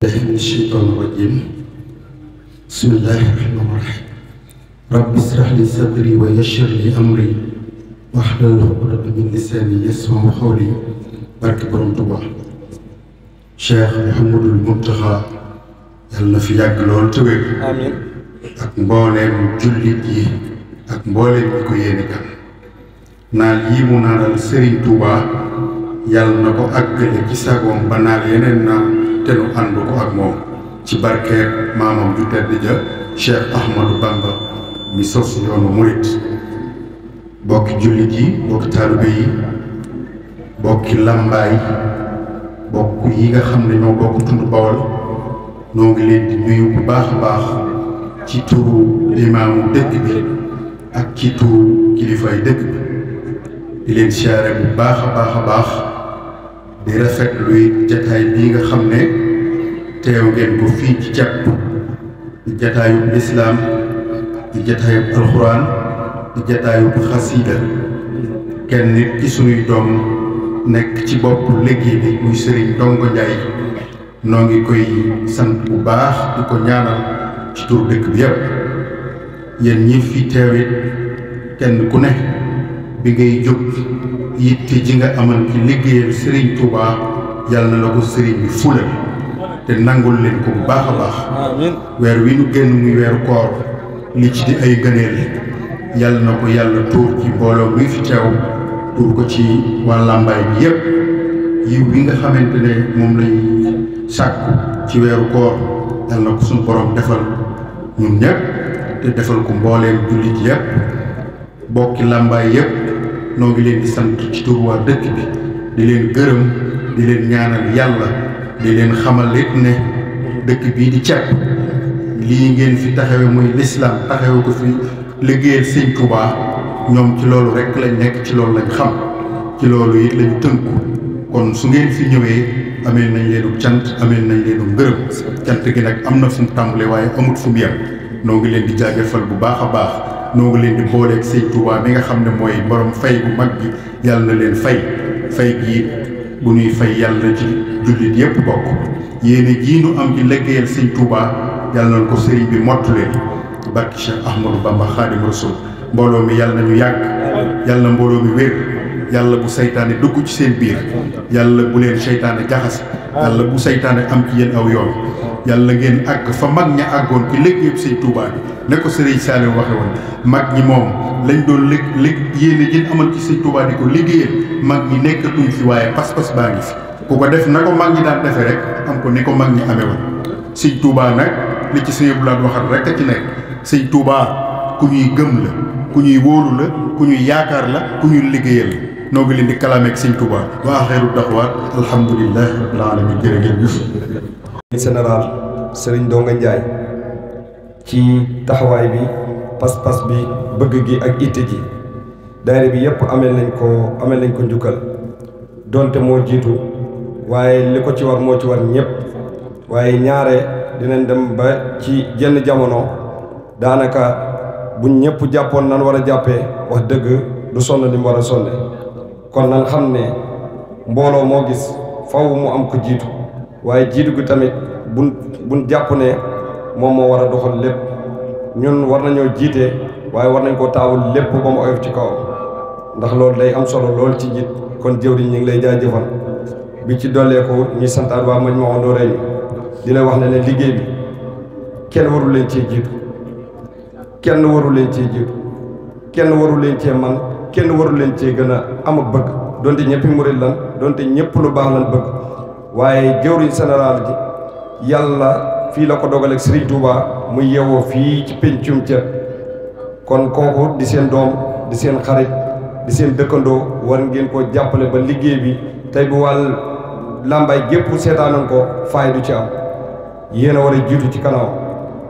الله من الشيطان الرجيم بسم الله الرحمن الرحيم رب اشرح لي صدري ويسر لي امري واحلل عقدة من لساني يسمع قولي barke borom Tuubaa Cheikh Mouhamadul Mountakha yàlla na fi yàgg lool te wér amiin ak mbooleem jullit yi ak mbooleem ñi ko yéene kan naal yii mu naanal Serigne Touba yàlla na ko àggale ci sagoom ba naal yeneen naal te nu ànd ko ak moom ci barkeeb maamam ju tedd ja Cheikh Ahmadou Bamba mi sos yoonu murit bokki jullit yi bokki taalibe yi bokki làmbaay bokk yi nga xam ne ñoo bokk tund bawol noo ngi leen di nuyu bu baax a baax ci turu limaamu dëkk bi ak ci turu kilifay dëkk bi di leen siyaare bu baax a baax a baax di rafet luy jataay bii nga xam ne teew ngeen ko fii ci jàpp di jataayub lislaam di jataayub alxuraan di jataayub xasiida kenn nit ci sunuy doom nekk ci bopp liggéey bi muy sëriñ Ndongo noo ngi koy sant bu baax di ko ñaanal ci tur dëkk bi yépp yéen ñi fi teewit kenn ku ne bi ngay jóg yitte ji nga amal ci liggéeyal Serigne Touba yàlla na la ko Serigne bi fulal te nangul leen ko bu baax a baax weer wi nu génn muy weeru koor li ci di ay gëneel yàlla na ko yàlla tuur ci mbooloo muy fi teew tuur ko ci waa làmbaay bi yépp yiw bi nga xamante ne moom lañuy sàkku ci weeru koor yàlla ko suñu borom defal ñun ñépp te defal ko mbooleem jullit yépp bokki làmbaay yépp noo ngi leen di sant ci tur waa dëkk bi di leen gërëm di leen ñaanal yàlla di leen xamal it ne dëkk bii di ceeb lii ngeen fi taxawe muy lislaam taxawe ko fi liggéeyal sëñ Tuubaa ñoom ci loolu rek lañ nekk ci loolu lañ xam ci loolu it lañ tënku kon su ngeen fi ñëwee amee nañ leenu cant amee nañ leenu ngërëm cant gi nag am na fu mu tàmbale waaye amut fu mu yem noo ngi leen di jaajëfal bu baax a baax noo leen di booleeg sëñ Touba mi nga xam ne mooy boroom fay bu mag bi yàlla leen fay fay gi bu ñuy fay yàlla ci jullit yépp bokk yéene jii nu am ci liggéeyal sëñ Touba yàlla na ko sëriñ bi mottu leen barki Cheikh Ahmadou Bamba Khadim Rasoul mbooloo mi yàlla nañu yàgg yàlla mbooloo mi wér yàlla bu seytaane dugg ci seen biir yàlla bu leen seytaane jaxas yàlla bu seytaane am ci yéen aw yoon yàlla ngeen àgg fa mag ña àggoon ci liggéeyub sëñ Touba bi ne ko sëriñ Saliou waxe woon mag ñi moom lañ doon lég lég yéene jën amal ci sëñ Touba di ko liggéeyal mag ñi nekkatuñ fi waaye pas-pas baa ngi fi ku ko def na ko mag ñi daan defee rek am ko ni ko mag ñi amee woon sëñ Touba nag li ci sëñ Abdoulaye waxat rek a ci nekk sëñ Touba ku ñuy gëm la ku ñuy wóolu la ku ñuy yaakaar la ku ñuy liggéeyal la noo ngi leen di kalaameeg sëñ Touba wa axiru daxwaat général Serigne Donga Ndiaye ci taxawaay bi pas-pas bi bëgg gi ak itte ji daayira bi yépp amel nañ ko amel nañ njukkal donte moo jiitu waaye li ko ci war moo ci war ñépp waaye ñaare dinañ dem ba ci jenn jamono daanaka bu ñépp jàppoon nan war a jàppee wax dëgg du sonn li mu war a sonne kon nan xam ne mbooloo moo gis faw mu am ko jiitu waaye jiitu gi tamit buñ buñ jàpp ne moom moo war a doxoon lépp ñun war nañoo jiitee waaye war nañ koo taawul lépp ba mu oyof ci kaw ndax loolu day am solo loolu ci njiit kon jëwriñ ñu ngi lay jaajëfal bi ci dollee ko ñuy santaat waa mañ ma ondoo reeñu di la wax ne ne liggéey bi kenn waru leen cee jiitu kenn waru leen cee jiitu kenn waru leen cee man kenn waru leen cee gën a am ak bëgg donte ñëpp murit lan donte ñëpp lu baax lan bëgg waaye jëwriñ général gi yàlla fii la ko dogal ak Serigne Touba mu yeewoo fii ci pencum ca kon kooku di seen doom di seen xarit di seen dëkkandoo war ngeen koo jàppale ba liggéey bi tey bu wàll làmbaay gépp seetaanoon ko faay du ci am yéen a war a jiitu ci kanam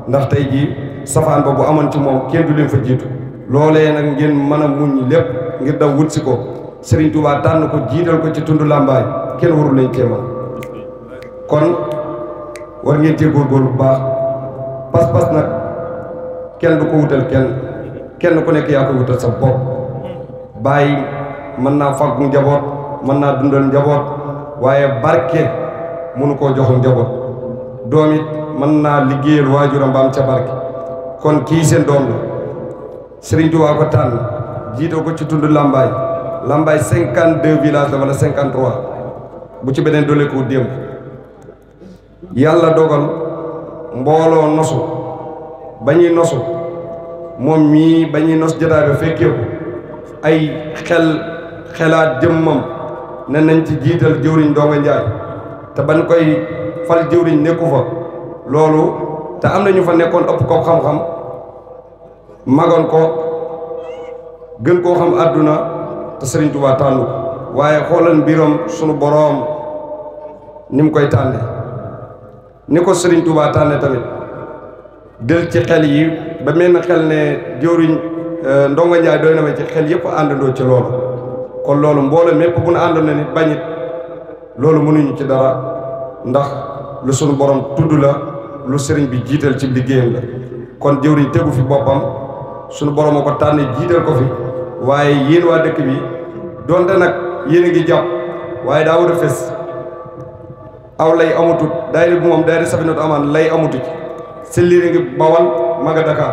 ndax tey jii safaan ba bu amoon ci moom kenn fa jiitu loolee nag ngeen mën a muñ lépp ngir daw wut si ko Serigne Touba tànn ko jiital ko ci tund làmbaay kenn warul leen kéemal kon war ngeen cee góorgóorlu bu baax pas-pas nak kenn du ko wutal kenn kenn ku nekk yaa koy wutal sa bopp bàyyi mën naa fàggu njaboot mën naa dundal njaboot waaye barke mënu koo joxul njaboot doom it mën naa liggéeyal waajuram ca barke kon kii seen doom la Serigne Touba ko tànn jiitoo ko ci tund Lambaye Lambaye cinquante deux wala cinquante bu ci beneen dooleeku démb yàlla dogal mbooloo nosu ba nosu moom mii bañuy nos jotaay ba ay xel xelaat jëmmam ne nañ ci jiital jëwriñ Ndonga Njaay te bañ koy fal jëwriñ nekku fa loolu te am na ñu fa nekkoon ëpp ko xam-xam magoon ko gën koo xam àdduna te Sëriñ Tuubaa tànnu waaye xoolal mbiram sunu boroom ni koy tànne ni ko Serigne Touba tànne tamit del ci xel yi ba mel na xel ne jëwriñ euh, Ndongo Njaay doy na ma ci xel yëpp àndandoo ci loolu kon loolu mbooloo mépp bu nu àndoon na nit bañit loolu mënuñu ci dara ndax lu sunu borom tudd la lu sëriñ bi jiital ci liggéeyam la kon jëwriñ tegu fi boppam sunu borom ko tànn jiital ko fi waaye yéen waa dëkk bi donte nag yéen a ngi jàpp waaye daa war a fes aw lay amatut daayira bu moom daayira Safinatoul Amaan lay amatut ci liiri ngi Bawal ma nga Dakar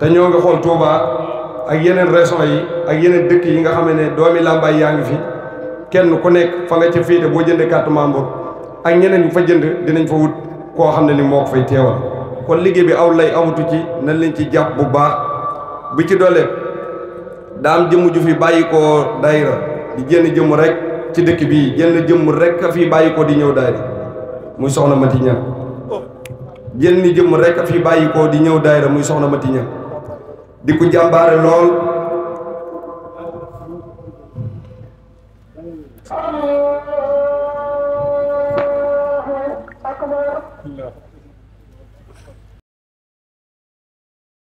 ngi xool Touba ak yeneen reson yi ak yeneen dëkk yi nga xam ne doomi làmbaay yaa ngi fi kenn ku nekk fa nga ca boo jëndee carte membre ak ñeneen ñu fa jënd dinañ fa wut koo xam ne ni moo ko fay teewal kon liggéey bi aw lay amatu ci nañ leen ci jàpp bu baax bi ci doole daam jëmm ju fi bàyyi koo daayira di jënd jëmm rek ci dëkk bi jenn jëmm rek a fi bàyyi di ñëw daayira muy soxna Mati Ñaŋ jenn jëmm rek a fi bàyyi ko di ñëw daayira muy soxna Mati Ñaŋ di ku jàmbaare lool